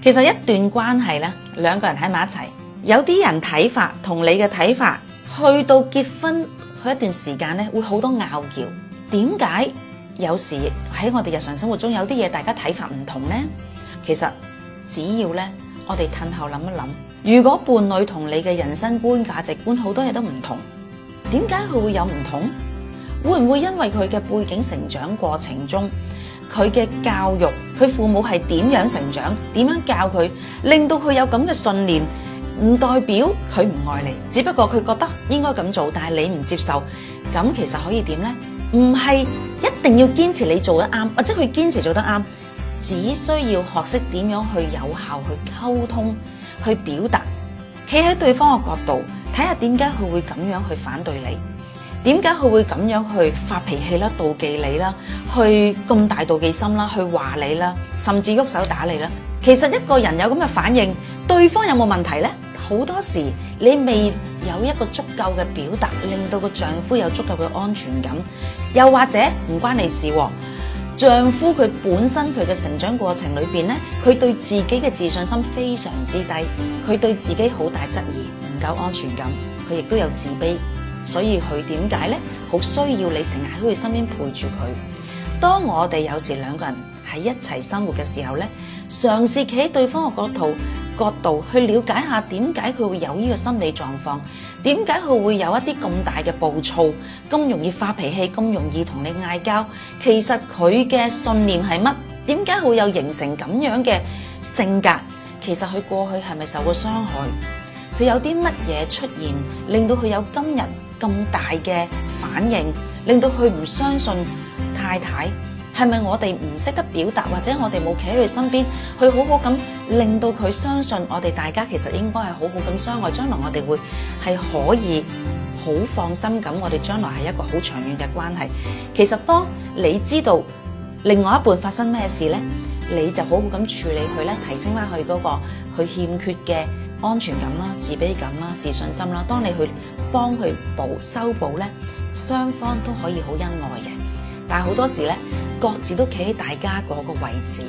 其實一段關係呢，兩個人喺埋一齊，有啲人睇法同你嘅睇法，去到結婚嗰一段時間呢，會好多拗撬。點解有時喺我哋日常生活中有啲嘢大家睇法唔同呢？其實只要呢，我哋褪後諗一諗，如果伴侶同你嘅人生觀、價值觀好多嘢都唔同，點解佢會有唔同？會唔會因為佢嘅背景、成長過程中佢嘅教育？佢父母係點樣成長，點樣教佢，令到佢有咁嘅信念，唔代表佢唔愛你，只不過佢覺得應該咁做，但係你唔接受，咁其實可以點呢？唔係一定要堅持你做得啱，或者佢堅持做得啱，只需要學識點樣去有效去溝通，去表達，企喺對方嘅角度睇下點解佢會咁樣去反對你。點解佢會咁樣去發脾氣啦、妒忌你啦、去咁大妒忌心啦、去話你啦，甚至喐手打你啦？其實一個人有咁嘅反應，對方有冇問題呢？好多時你未有一個足夠嘅表達，令到個丈夫有足夠嘅安全感，又或者唔關你事。丈夫佢本身佢嘅成長過程裏邊呢，佢對自己嘅自信心非常之低，佢對自己好大質疑，唔夠安全感，佢亦都有自卑。所以佢點解咧，好需要你成日喺佢身邊陪住佢。當我哋有時兩個人喺一齊生活嘅時候咧，嘗試企喺對方嘅角度角度去了解下點解佢會有呢個心理狀況，點解佢會有一啲咁大嘅暴躁，咁容易發脾氣，咁容易同你嗌交。其實佢嘅信念係乜？點解會有形成咁樣嘅性格？其實佢過去係咪受過傷害？佢有啲乜嘢出現令到佢有今日？咁大嘅反應，令到佢唔相信太太，係咪我哋唔識得表達，或者我哋冇企喺佢身邊，去好好咁令到佢相信我哋大家其實應該係好好咁相愛，將來我哋會係可以好放心咁，我哋將來係一個好長遠嘅關係。其實當你知道另外一半發生咩事呢，你就好好咁處理佢咧，提升翻佢嗰個佢欠缺嘅。安全感啦、自卑感啦、自信心啦，當你去幫佢補修補呢，雙方都可以好恩愛嘅。但係好多時呢，各自都企喺大家嗰個位置，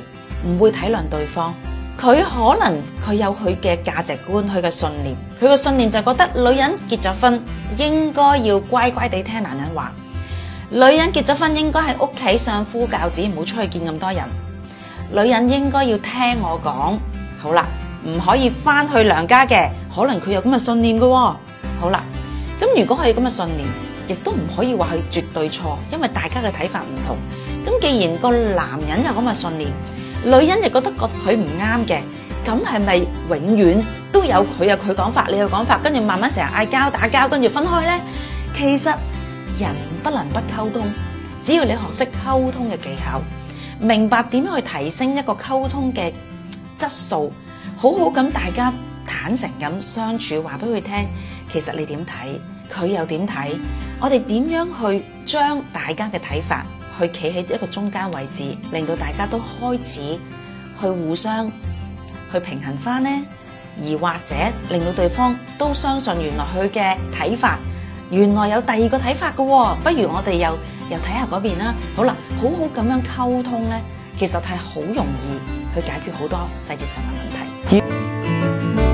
唔會體諒對方。佢可能佢有佢嘅價值觀、佢嘅信念，佢嘅信念就覺得女人結咗婚應該要乖乖地聽男人話，女人結咗婚應該喺屋企相夫教子，唔好出去見咁多人。女人應該要聽我講，好啦。唔可以翻去娘家嘅，可能佢有咁嘅信念嘅喎。好啦，咁如果係咁嘅信念，亦都唔可以話係絕對錯，因為大家嘅睇法唔同。咁既然個男人有咁嘅信念，女人亦覺得覺得佢唔啱嘅，咁係咪永遠都有佢有佢講法，你有講法，跟住慢慢成日嗌交、打交，跟住分開咧？其實人不能不溝通，只要你學識溝通嘅技巧，明白點樣去提升一個溝通嘅質素。好好咁，大家坦誠咁相處，話俾佢聽，其實你點睇，佢又點睇，我哋點樣去將大家嘅睇法去企喺一個中間位置，令到大家都開始去互相去平衡翻呢？而或者令到對方都相信原來佢嘅睇法，原來有第二個睇法㗎喎，不如我哋又又睇下嗰邊啦。好啦，好好咁樣溝通呢，其實係好容易，去解決好多細節上嘅問題。嗯。